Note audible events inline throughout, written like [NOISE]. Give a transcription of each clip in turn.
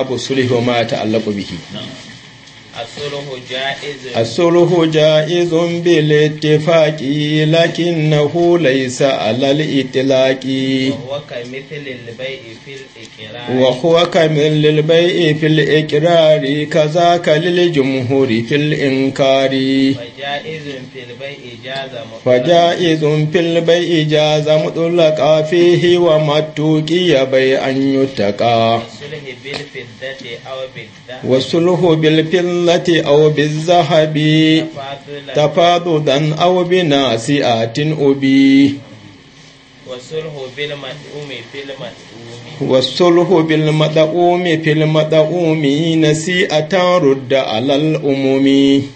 abu sulhi wa ma ta'allaqu bihi الصلح جائز بالاتفاق لكنه ليس على الاطلاق وهو كمثل للبيع في الاقرار كذاك للجمهور في الانكار فجائز في البيع جاز مطلقا فيه ومتوكي بيعا يتقى والصلح بالفضة zahabi bilmati aw bizahabi tafadudan aw binasiatin ubi wasulhu bil mad'umi fil mad'umi nasi'atan rudda ala al umumi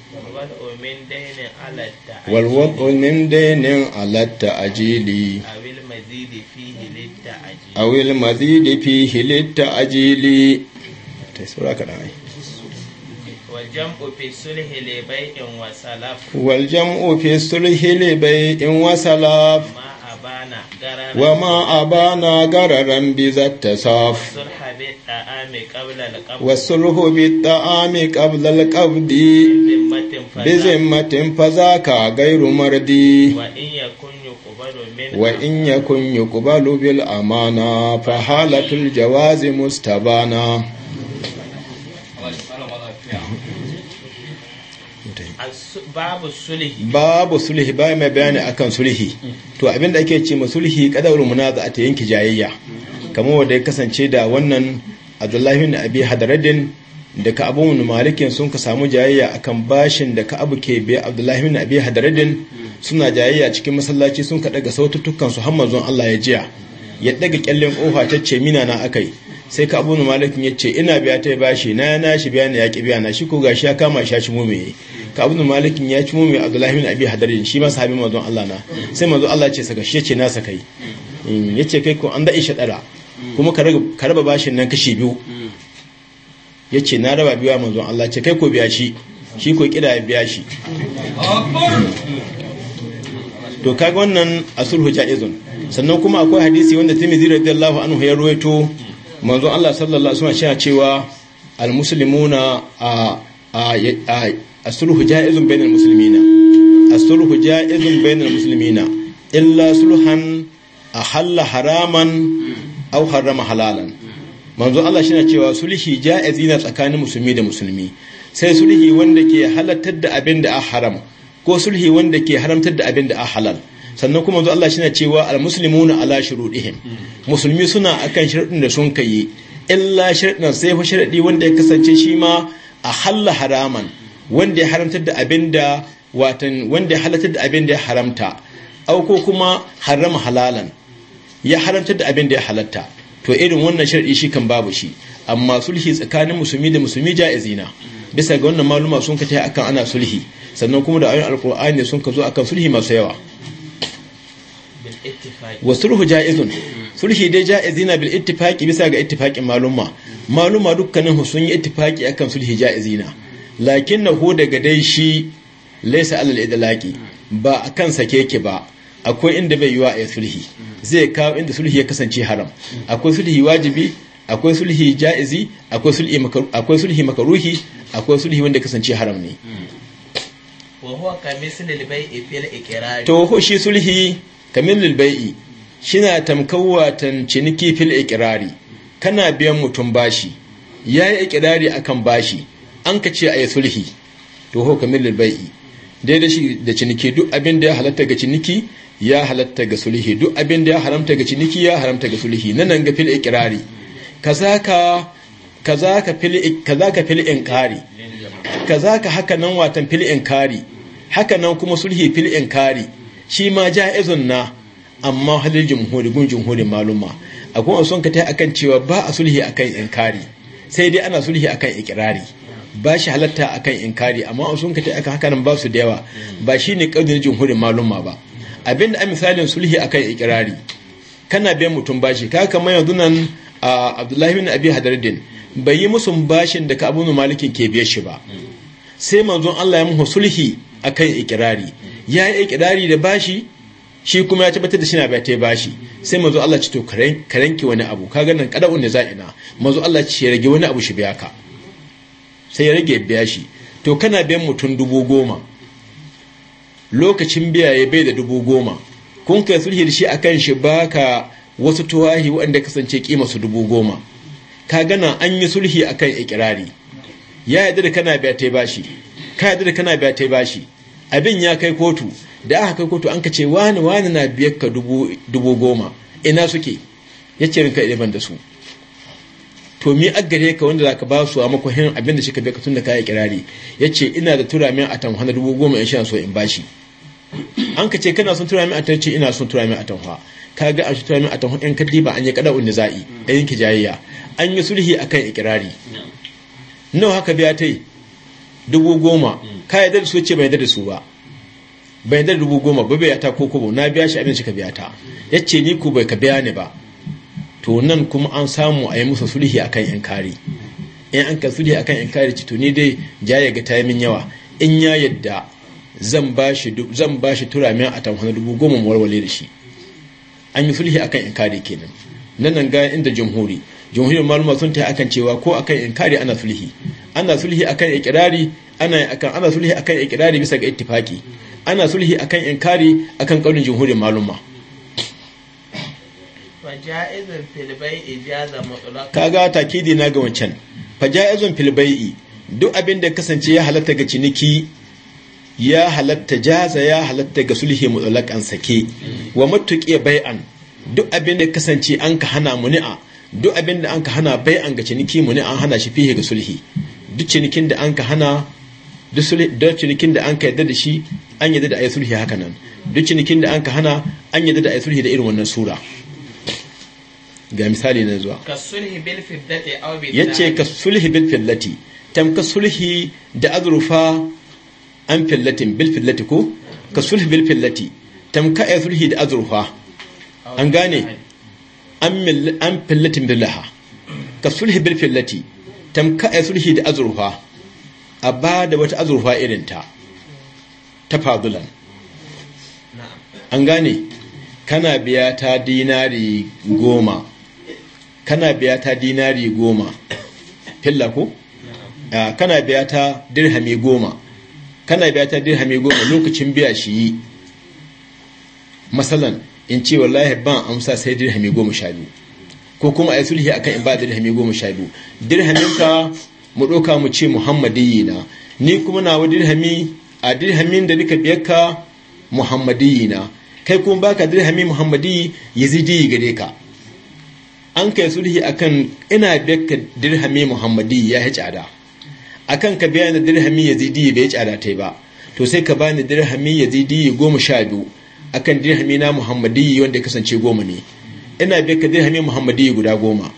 wal wad'u min daynin ala al ta'jili awil mazidi fihi lit ta'jili awil mazidi fihi lit ta'jili tay sura waljam'u fi sulhi li bai'in wa salaf wama abana gararan bi zatta saf wasulhu bi ta'ami qabla al-qabdi bi zimmatin fazaka gairu mardi wa in yakun yuqbalu bil amana fa halatul jawazi mustabana babu sulhi babu mai bayani akan sulhi to abinda ake ce ma sulhi za a ta yanki jayayya kamar wanda ya kasance da wannan Abdullahi na Abi Hadaradin da ka abu malikin sun ka samu jayayya akan bashin da ka abu ke biya Abdullahi na Abi Hadaradin suna jayayya cikin masallaci sun ka daga sautattukan su har Allah ya jiya ya daga kyallen kofa ta ce mina na akai sai ka abunu malakin ya ce ina biya ta bashi na ya shi biya na yaƙi biya na shi ko gashi ya kama shi ya ci mume ka abunu malakin ya ci mume abdullahi bin abi hadarin shi ma sahabi mazun Allah na sai mazun Allah ce saka shi ce na sakai mm, ce kai ko an da shaɗara kuma ka raba bashin nan kashi biyu ya ce na raba biya mazun Allah ce kai ko biya shi shi ko kira ya biya shi to kaga wannan asulhu jaizun sannan kuma akwai hadisi wanda tirmidhi radiyallahu anhu ya ruwaito manzon Allah sallallahu alaihi wasallam cewa almuslimuna a as-sulhu ja'izun bainal muslimina as-sulhu ja'izun bainal muslimina illa sulhan ahalla haraman aw harrama halalan manzo Allah shi cewa sulhi ja'izi na tsakanin musulmi da musulmi sai sulhi wanda ke halattar da abin da a haram ko sulhi wanda ke haramtar da abin da a halal sannan kuma Allah shi na cewa wani ala shuruɗihim musulmi suna akan sharuɗin da sun kai illa sharuɗin sai fa sharaɗi wanda ya kasance shi ma a halla haraman wanda ya haramta da abin da watan wanda ya halatar da abin da ya haramta au ko kuma harama halalan ya haramta da abin da ya halatta to irin wannan shar'i shi kan babu shi amma sulhi tsakanin musulmi da musulmi ja'izina bisa ga wannan maluma sun ka akan ana sulhi sannan kuma da ayoyin alkur'ani sun ka zo akan sulhi masu yawa wasulhu ja'izun sulhi dai ja'izina bil ittifaqi bisa ga ittifaqin maluma maluma dukkanin sun yi ittifaqi akan sulhi ja'izina lakinnahu daga dai shi laysa alal idlaqi ba akan sake ki ba akwai inda bai yiwa ya sulhi zai kawo inda sulhi ya kasance haram akwai sulhi wajibi akwai sulhi ja'izi akwai sulhi akwai sulhi makruhi akwai sulhi wanda kasance haram ne wa huwa kamisli libai fil iqrar to shi sulhi shi na shina tamkawatan ciniki fil ikirari kana biyan mutum bashi Ya yi ikirari akan bashi an ka ce a yi sulhi to ho kamin bai'i daidai shi da ciniki duk abin da ya halatta ga ciniki ya halatta ga sulhi duk abin da ya haramta ga ciniki ya haramta ga sulhi nan ga fil ikirari kazaka kazaka fil fil inkari kazaka haka nan watan fil inkari haka nan kuma sulhi fil inkari shi ma ja'izun na amma halin jumhuri gun jumhurin maluma akwai wasu ka tai akan cewa ba a sulhi akan inkari sai dai ana sulhi akan ikirari ba shi halatta akan inkari amma wasu ka tai akan hakanan ba su da yawa ba shi shine kaudin jumhurin maluma ba abinda a misalin sulhi akan ikirari kana biyan mutum bashi ka kamar yanzu nan Abdullahi bin Abi Hadaruddin bai yi musu bashin da Ka'ab bin Malik ke biye shi ba sai manzon Allah ya muhu sulhi akan ikirari ya yi ikirari da bashi shi kuma ya tabbatar da shina bai ta bashi sai manzo Allah ci to karanki wani abu kaga nan kada'un da za'ina manzo Allah ci ya rage wani abu shi biya ka sai ya rage biya shi to kana biyan mutum dubu goma lokacin biya ya bai da dubu goma kun kai sulhi da shi akan shi baka wasu tuwahi waɗanda kasance kima su dubu goma ka gana an yi sulhi akan ikirari ya yadda da kana biya ta bashi ka yadda da kana biya ta bashi abin ya kai kotu da aka kai kotu an ka ce wani wani na biyar ka dubu goma ina suke ya ce rinka ilimin da su to mi aggare ka wanda zaka ba su a makwahin abin da shi ka biyar ka tun da kayi kirari ya ce ina da tura min a tamhana dubu goma in shi so in bashi an ka ce kana son tura min a tarci ina son tura min a tamhana ka ga an shi tura min a tamhana in ka ba an yi kada unni za'i an yanke kijayayya an yi sulhi akan ikirari nawa haka biya ta yi dubu goma mm. ka yadda da su ce bai yadda da su ba bai yadda da dubu goma ba bai yata ko kobo na biya shi abin shi ka biya ta ya ce ni ko bai ka biya ni ba to nan kuma an samu a yi musu sulhi akan yan kari in an ka sulhi akan yan kari ci to ni dai ja ga ta min yawa in ya yadda zan ba shi tura min a tamfana dubu goma mu warware da shi an yi sulhi akan yan kari kenan nan nan ga inda jamhuri jamhuriyar maluma sun ta akan cewa ko akan inkari ana sulhi ana sulhi akan ikirari ana akan ana sulhi akan ikirari bisa ga ittifaki ana sulhi akan inkari akan kaunin jumhurin maluma kaga takidi na ga wancan faja'izun fil bai'i duk abin da kasance ya halatta ga ciniki ya halatta jaza ya halatta ga sulhi mutlaqan sake wa mutuqi bai'an duk abin da kasance an ka hana muni'a duk abin da an ka hana bai'an ga ciniki muni'a hana shi fihi ga sulhi duk cinikin da an ka hana duk cinikin da an ka yadda da shi an yadda da ayi sulhi haka nan duk cinikin da an ka hana an yadda da ayi sulhi da irin wannan sura ga misali na zuwa yace ka sulhi bil fillati tam ka sulhi da azrufa an fillatin bil fillati ko ka sulhi bil fillati tam ka ayi sulhi da azrufa an gane an fillatin billaha ka sulhi bil fillati tamka 'ya sulhi da azurfa a ba da wata azurfa irin ta fadulan an gane kana biya ta dinari goma kana biya ta dinari goma filla ko kana biya ta dirhami goma kana biya ta dirhami goma lokacin biya shi yi masalan in ce wallahi ban amsa sai dirhami goma sha biyu ko kuma a yi sulhi akan in ba dirhami goma sha biyu dirhaminka mu ɗauka mu ce muhammadiyyi na ni kuma na wa dirhami a dirhamin da nika ka muhammadiyyi na kai kuma ba ka dirhami muhammadiyyi zidi gare ka an kai sulhi akan ina biyar ka dirhami muhammadiyyi ya yi tsada akan ka biya da dirhami ya bai tsada tai ba to sai ka bani dirhami zidi goma sha biyu akan dirhami na muhammadiyyi wanda ya kasance goma ne ina biya ka dirhami muhammadi guda goma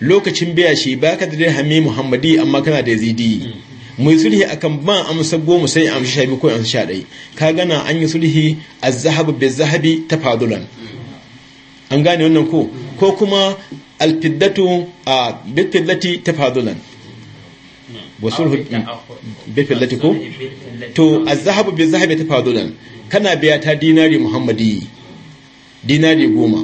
lokacin biya shi ba ka dirhami muhammadi amma kana da zidi mm. mai sulhi akan ban amsa goma sai amshi sha biyu ko amsa sha ɗai ka gana an yi sulhi a zahabu bai zahabi ta fadulan an gane wannan ko ko kuma alfiddatu a bifillati ta fadulan wasulhu ah, bifillati ko to a zahabu bai zahabi ta fadulan kana biya ta dinari muhammadi dinari goma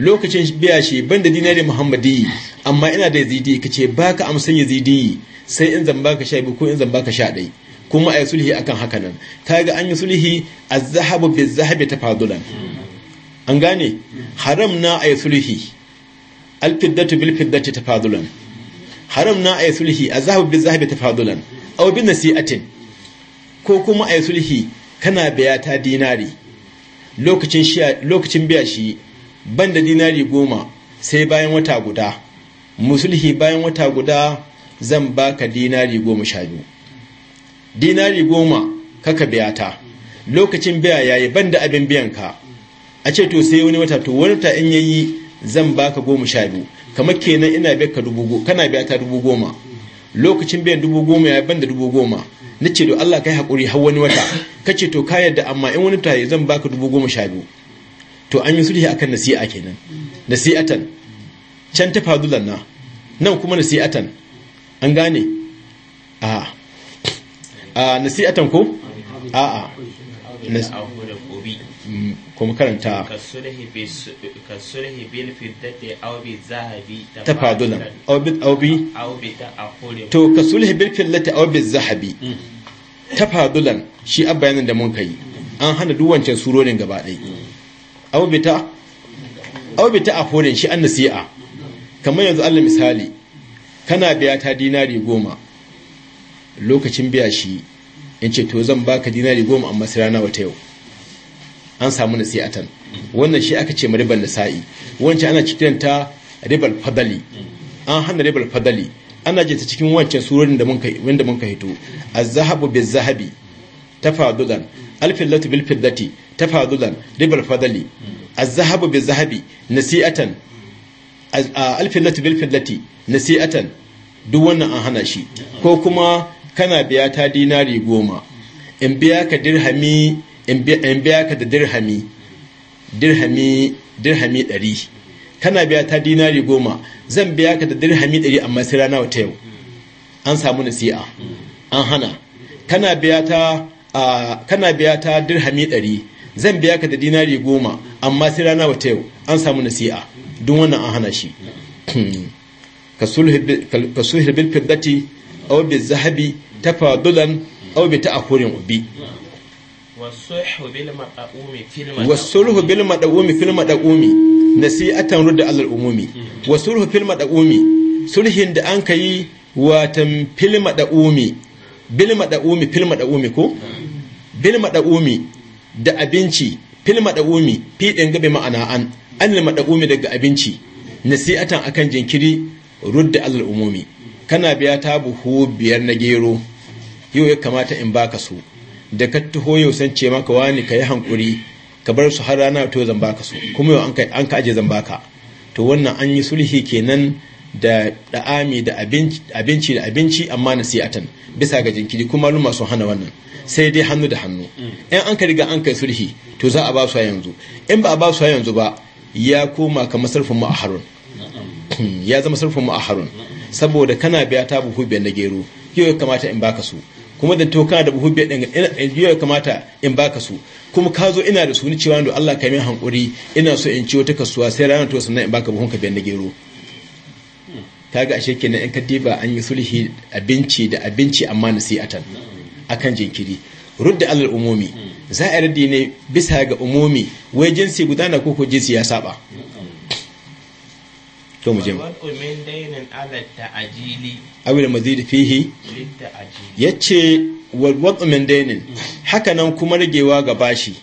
lokacin biya shi ban da dinari muhammadi amma ina da zidi, ka ce ba ka amsan zidi. sai in zan baka sha biyu ko in zan baka sha ɗai kuma a yi sulhi akan haka nan ga an yi sulhi a zahabu bi zahabi ta fadulan an gane haram na a yi sulhi alfiddatu bil fiddati ta fadulan haram na a yi sulhi a zahabu bi zahabi ta fadulan au bi nasi'atin ko kuma a yi sulhi kana biya ta dinari lokacin biya shi ban da dinari goma sai bayan wata guda musulhi bayan wata guda zan baka dinari goma sha biyu dinari goma kaka biya ta lokacin biya yayi ban da abin biyan ka a ce to sai wani wata to wani wata in yayi zan baka goma sha biyu kamar kenan ina biya ka dubu kana biya ta dubu goma lokacin biyan dubu goma ya ban da dubu goma na ce do Allah kai haƙuri har wani wata kace to ka yadda amma in wani wata zan baka dubu goma sha biyu to an yi sulhi akan nasi'a kenan nasi'atan can ta fadulan na nan kuma nasi'atan an gane a a nasi'atan ko a a kuma karanta kasulhi bil fiddati aw bi zahabi ta fadulan aw bi aw bi to kasulhi bil fiddati aw bi zahabi tafadulan shi abayanin da mun kai an hana duwancin surorin gaba ɗaya aw ta aw bi shi an nasi'a kamar yanzu Allah misali kana biya ta dinari goma lokacin biya shi in ce to zan baka dinari goma amma sai rana wata yau an samu nasi'atan wannan shi aka ce ma ribar nasa'i wancan ana cikin ta ribar fadali an hana ribar fadali ana jinta cikin wancan surorin da mun hito az-zahabu biz-zahabi tafadudan alfillatu bil fiddati tafadulan ribal fadali A zahabu bil zahabi nasi'atan alfillatu bil fiddati nasi'atan duk wannan an hana shi ko kuma kana biya ta dinari goma in biya ka dirhami in biya ka da dirhami dirhami dirhami ɗari kana biya ta dinari goma zan biya ka da dirhami ɗari amma sai rana wata yau an samu nasi'a an hana kana biya ta kana biya ta dirhami ɗari zan biya ka da dinari goma amma sai rana wata yau an samu nasi'a don wannan an hana shi [CLEARS THROAT] ka sulhir bil fiddati aw bil zahabi tafadulan aw bi ta'akhurin ubi wasulhu bil madawumi fil madawumi nasi'atan rudda alal umumi mm. wasulhu fil madawumi sulhin da an yi watan fil madawumi bil mada'umi fil ko bil mada'umi da abinci fil mada'umi fi din gabe ma'ana an an ɗa'umi daga abinci nasi'atan akan jinkiri rudda alal umumi kana biya ta buhu biyar na gero yau ya kamata in baka su da ka taho yau san ce maka wani ka yi hankuri ka bar su har rana to zan baka su kuma yau an ka aje zan baka to wannan an yi sulhi kenan da da'ami da abinci da abinci amma na siyatan bisa ga jinkiri kuma luma masu hana wannan sai dai hannu da hannu mm. in an ka riga an kai sulhi to za a ba su yanzu in ba a ba su yanzu ba ya koma kamar sarfin mu a harun ya zama sarfin mu a harun saboda kana biya ta buhu biyar na gero yau ya kamata in baka su kuma da to kana da buhu biyar din yau ya kamata in baka su kuma ka zo ina da su ni cewa Allah ka min hankuri ina so in ciwo ta kasuwa sai ranar to sannan in baka buhun ka biyar na gero kaga ashe kenan in katifa an yi sulhi abinci da abinci amma a akan jinkiri rudda alal umumi za a raddi ne bisa ga umumi wai jinsi guda na koko jinsi ya saba to mu je mu awil mazid fihi yace wal wad'u min dainin haka nan kuma ragewa ga bashi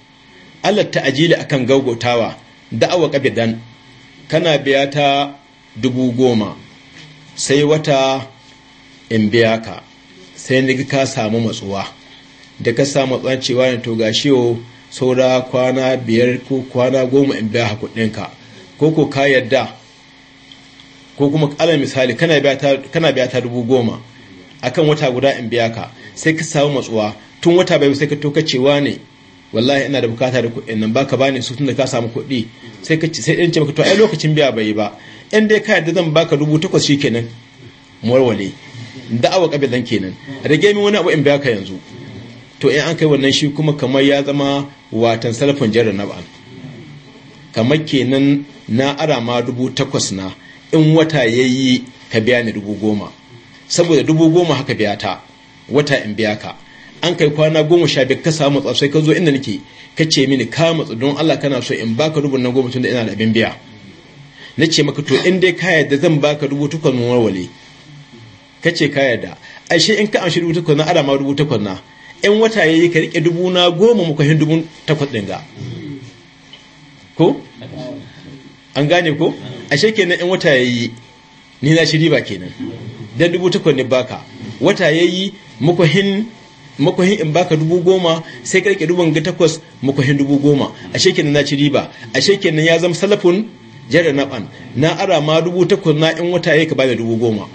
alal ta'jili akan gaugotawa da'awa kabidan kana biya ta dubu goma sai wata in biya ka sai ni ka samu matsuwa da ka samu matsuwa cewa ne to ga shiwo saura kwana biyar ko kwana goma in biya hakudinka ko ko ka yadda ko kuma ala misali kana biya ta dubu goma akan wata guda in biya ka sai ka samu matsuwa tun wata bai sai ka to ka cewa ne wallahi ina da bukata da kuɗin nan baka bani su tun da ka samu kuɗi sai ka sai in ce maka to ai lokacin biya bai yi ba in dai ka yadda zan baka dubu takwas shi kenan warware da'awa kabilan kenan rage min wani abu in baka yanzu to in an kai wannan shi kuma kamar ya zama watan salafin jarar ba kamar kenan na arama dubu takwas na in wata ya yi ka biya ni dubu goma saboda dubu goma haka biya ta wata in biya ka an kai kwana goma sha biyu ka samu ka zo inda nake ka ce mini ka matsu don allah kana so in baka rubun na goma tun da ina da abin biya na ce maka to in dai ka yarda zan baka dubu takwas mu warware ka ce ka yarda ashe in ka amshi dubu takwas na ana ma dubu takwas na in wata ya yi ka rike dubu na goma muka hin dubu takwas ɗin ga ko an gane ko ashe kenan in wata ya yi ni na shi riba kenan dan dubu takwas ne baka wata ya yi muka hin in baka dubu goma sai ka rike dubun ga takwas hin dubu goma ashe kenan na ci riba ashe kenan ya zama salafun jere na ban na ara ma dubu takwas na in wata yake ba da dubu goma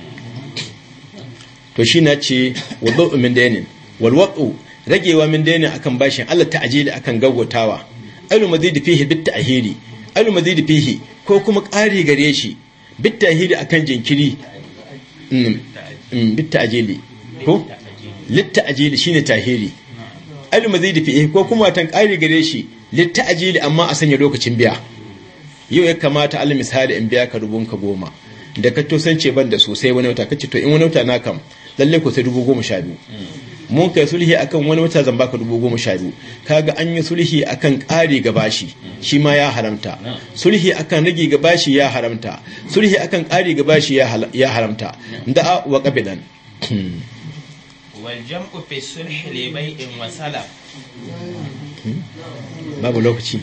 to shi na ce wadda min dainin walwatsu ragewa min dainin akan bashin Allah ta'ajili akan gaggatawa alu da fihi bit ta'hiri alu da fihi ko kuma ƙari gare shi bit ta'hiri akan jinkiri mm, mm, bit ta'ajili ko lit ta'ajili shine ta'hiri alu mazidi fihi ko kuma watan ƙari gare shi lit amma a sanya lokacin biya yau ya kamata alal misali in biya ka rubun ka goma da ka to san ce ban da sosai wani wata kace to in wani wata na kam lalle ko sai dubu goma sha biyu mun kai sulhi akan wani wata zan baka dubu goma sha biyu kaga an yi sulhi akan ƙari ga bashi shi ma ya haramta sulhi akan rage ga bashi ya haramta sulhi akan ƙari ga bashi ya haramta da'a wa qabidan wal jam'u fi sulhi li bai'in wa hmm? babu lokaci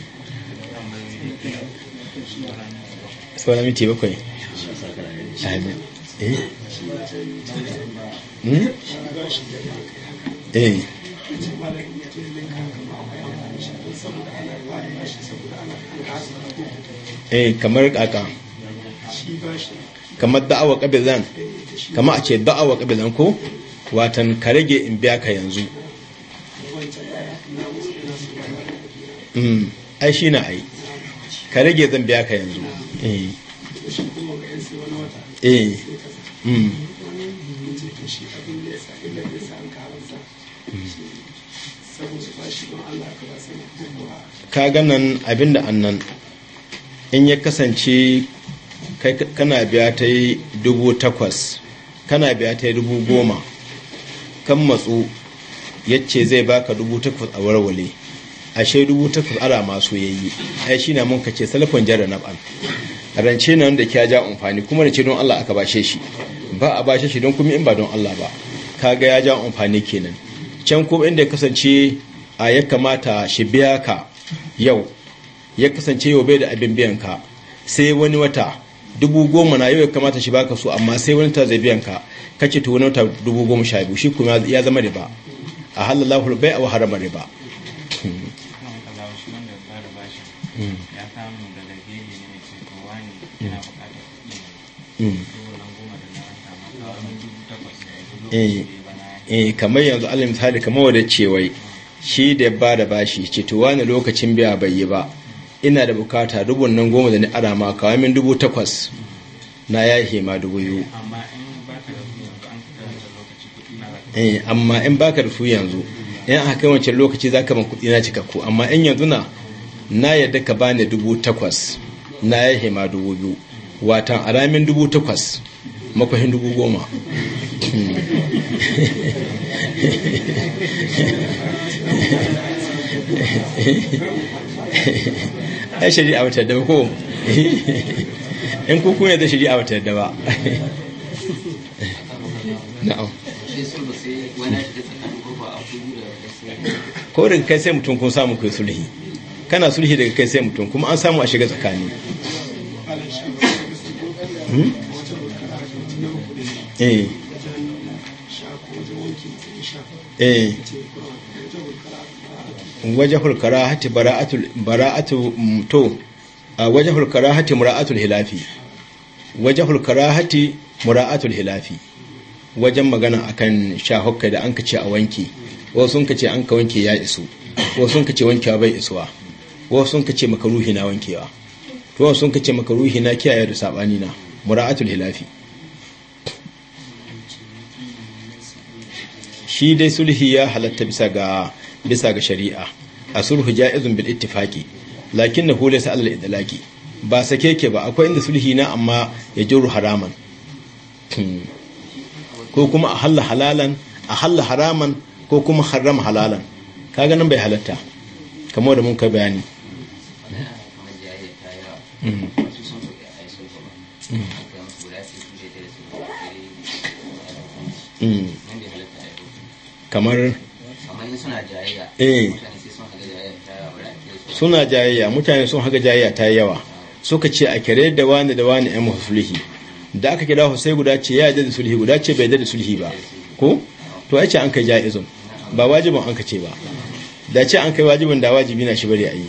saura minti bakwai eh? Hmm? eh eh kamar kaka kamar da'awa ƙabilan kamar a ce da'awa ƙabilan ko watan ka rage in biya ka yanzu hmm. ai shi na ai ka rage zan biya ka yanzu Eh. Eh. Hmm. ka ga mm kaga nan annan in ya kasance kana biya ta yi dubu takwas kana biya ta yi dubu goma kan matsu ya zai baka dubu takwas a warware ashe dubu takwas ara masu yayi ai shi na mun kace salafin jarra naban rance nan da kya ja amfani kuma rance don Allah aka bashe shi ba a bashe shi don kuma in ba don Allah ba kaga ya ja amfani kenan can kuma inda kasance a ya kamata shi biya ka yau ya kasance yau bai da abin biyan ka sai wani wata dubu goma na yau ya kamata shi baka su amma sai wani ta zai biyan ka kace to wani wata dubu goma sha biyu shi kuma ya zama riba a halallahu bai a harama riba Mm. ya samu daga gefe ne mai cewa ne yana bukatar kuɗi eh, eh kamar yanzu alal misali kamar wadda cewai shi da ba da bashi ce to wani lokacin biya bai yi ba ina da bukata dubun nan goma da ni ara ma kawai min dubu takwas na ya yi ma dubu biyu eh, amma in baka da su eh, yanzu in aka kai wancan lokaci za ka ban kuɗi na cikakku amma in yanzu na na yadda ka bani dubu takwas na ya hima dubu biyu watan ramin dubu takwas makwahin dubu goma ai shari'a wata da ko in kuku ne da shari'a wata da ba na'am korin kai sai mutum kun samu kai sulhi kana sulhi daga kai sai mutum kuma an samu a shiga tsakani Waje hulkara hati mura'atul hilafi hulkara hati mura'atul hilafi wajen magana akan shahukka da an kace a wanke wasu sun kace an ka wanke ya isu wasu sun kace ba bai isuwa wasu sun kace maka ruhi na wankewa to wasu sun kace maka ruhi na kiyaye da sabani na mura'atul hilafi shi dai sulhi ya halatta bisa ga bisa ga shari'a sulhu ja'izun bil ittifaqi lakinnahu sa Allah idlaki ba sake ke ba akwai inda sulhi na amma ya jiru haraman hmm. ko kuma a halla halalan a halla haraman ko kuma haram halalan kaga nan bai halatta kamar da mun kai bayani Mm. kamar eh, suna jayayya mutane sun haka jayayya ta yi yawa suka ce a kere da wani da wani yan sulhi da aka kira sai guda ce ya yi da sulhi guda ce bai da sulhi ba ko to ya ce an kai jaizun ba wajibin an ka ce ba da ce an kai wajibin da wajibi na shi bari a yi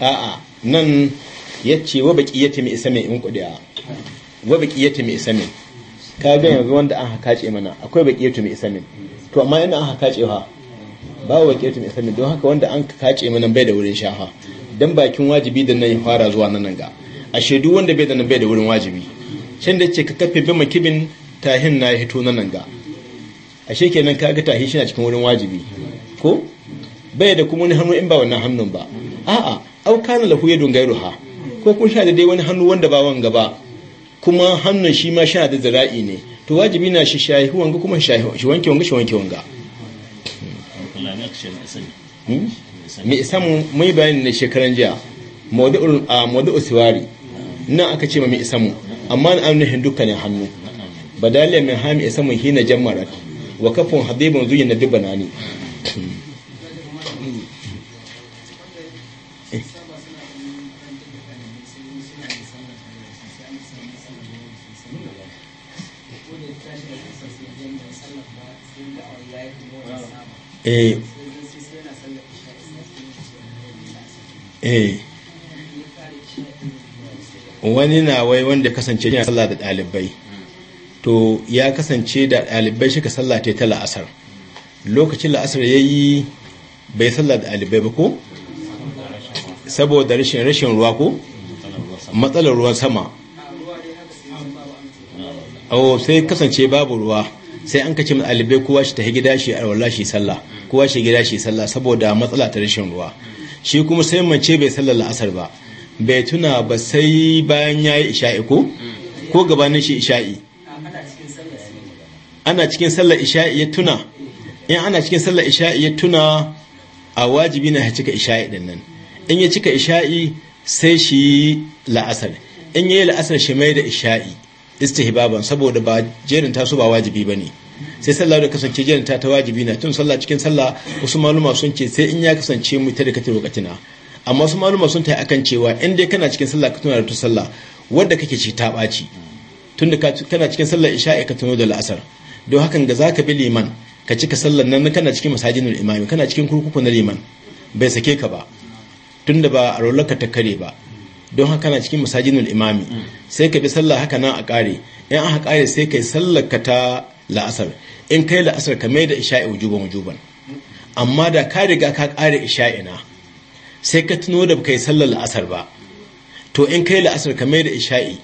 a'a nan ya ce wa baƙi baqiyati isa mai in a? wa baƙi baqiyati isa mai ka ga yanzu wanda an haka ce mana akwai baƙi baqiyatu isa mai to amma yana an haka ce ha ba wa baqiyatu isa mai don haka wanda an ce mana bai da wurin shafa dan bakin wajibi da nan ya fara zuwa nan ga a shaidu wanda bai da nan bai da wurin wajibi can da ce ka kafe bin makibin tahin na hito nan ga ashe ka kaga tahi shi na cikin wurin wajibi ko bai da kuma wani hannu in ba wannan hannun ba a'a au kana lahu yadun gairuha ko kun sha da dai wani hannu wanda ba wanga ba kuma hannun shi ma sha da zira'i ne to wajibi na shi shayi wanga kuma shi wanke wanga shi wanke wanga mai hmm? mai bayani na shekaran jiya mawadu siwari na aka ce ma mai mu amma na hindu dukkanin hannu badaliya mai hami mu hina jammarat wa kafin hadibin zuyin na ne Eh. Eh. wani na wai wanda kasance yana sallah da ɗalibai to ya kasance da ɗalibai shi ka sallah ta tala la'asar lokacin la'asar ya yi bai sallah da ɗalibai ba ko saboda rashin rashin ruwa ko matsalar ruwan sama awo sai kasance babu ruwa sai an kace ɗalibai kowa shi tafi gida shi alwala shi sallah kowa shi gida shi sallah saboda matsala ta rashin ruwa shi kuma sai mace bai sallar la'asar ba bai tuna ba sai bayan ya yi isha'i ko ko gabanin shi isha'i ana cikin sallar isha'i ya tuna in ana cikin sallar isha'i ya tuna a wajibi na cika isha'i din nan in ya cika isha'i sai shi la'asar in ya yi la'asar shi mai da isha'i istihbaban saboda ba jerin ta su ba wajibi bane sai sallah da kasance jerin ta ta wajibi na tun sallah cikin sallah wasu maluma sun ce sai in ya kasance mu ta da wakatina amma wasu maluma sun ta akan cewa in dai kana cikin sallah ka tuna da sallah wadda kake ci ta baci tun da kana cikin sallar isha'i ka tuna da la'asar don hakan ga zaka bi liman ka cika sallar nan kana cikin masajinul imami kana cikin kurkuku na liman bai sake ka ba tunda ba a rollarka ta kare ba don haka kana cikin masajinul imami sai ka bi sallah haka nan a ƙare in aka ƙare sai kai sallar ka ta la'asar in kai la'asar ka mai da isha'i wujuban wujuban amma da ka riga ka ƙare isha'ina sai ka tuno da kai sallar la'asar ba to in kai la'asar ka mai da isha'i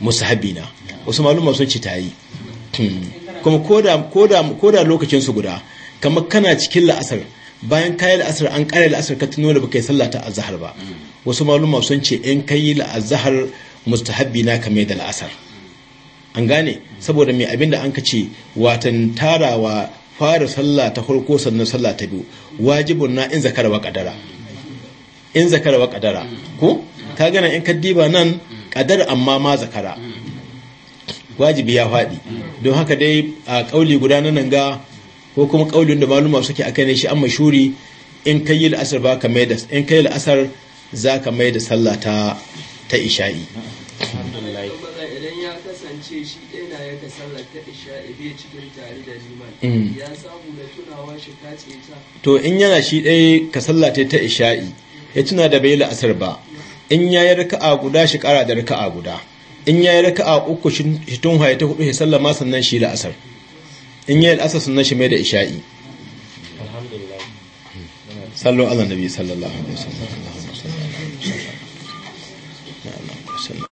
musahabi na wasu maluma sun ci tayi hmm. kuma koda lokacin su guda kamar kana cikin la'asar bayan yi la'asar an kare la'asar ka tuno da baka yi sallah ta azhar ba wasu maluma sun ce in kai la'azhar mustahabbi na kame da la'asar an gane saboda mai abin da an ka ce watan tarawa fara sallah ta farko sannan sallah ta biyu wajibun na in zakara wa kadara in zakara wa kadara ko ka gana in kaddiba nan kadar amma ma zakara wajibi ya faɗi don haka dai a kauli guda na nan ga ko kuma kaulin da maluma suke aka ne shi an mashuri in kai yi la'asar ba mai da in za ka mai da sallah ta ta isha'i idan ya kasance shi ka sallar ta isha'i cikin tare da mm. ya samu tunawa shi ta to in yana shi ɗaya ka sallar ta isha'i ya tuna da bai la'asar ba in ya yi raka'a guda shi kara da raka'a guda in ya yi raka'a uku shi tun haye ta hudu shi sallama sannan shi la'asar in ya yi la'asar sannan shi mai da isha'i Sallon ala nabi sallallahu alaihi wasallam say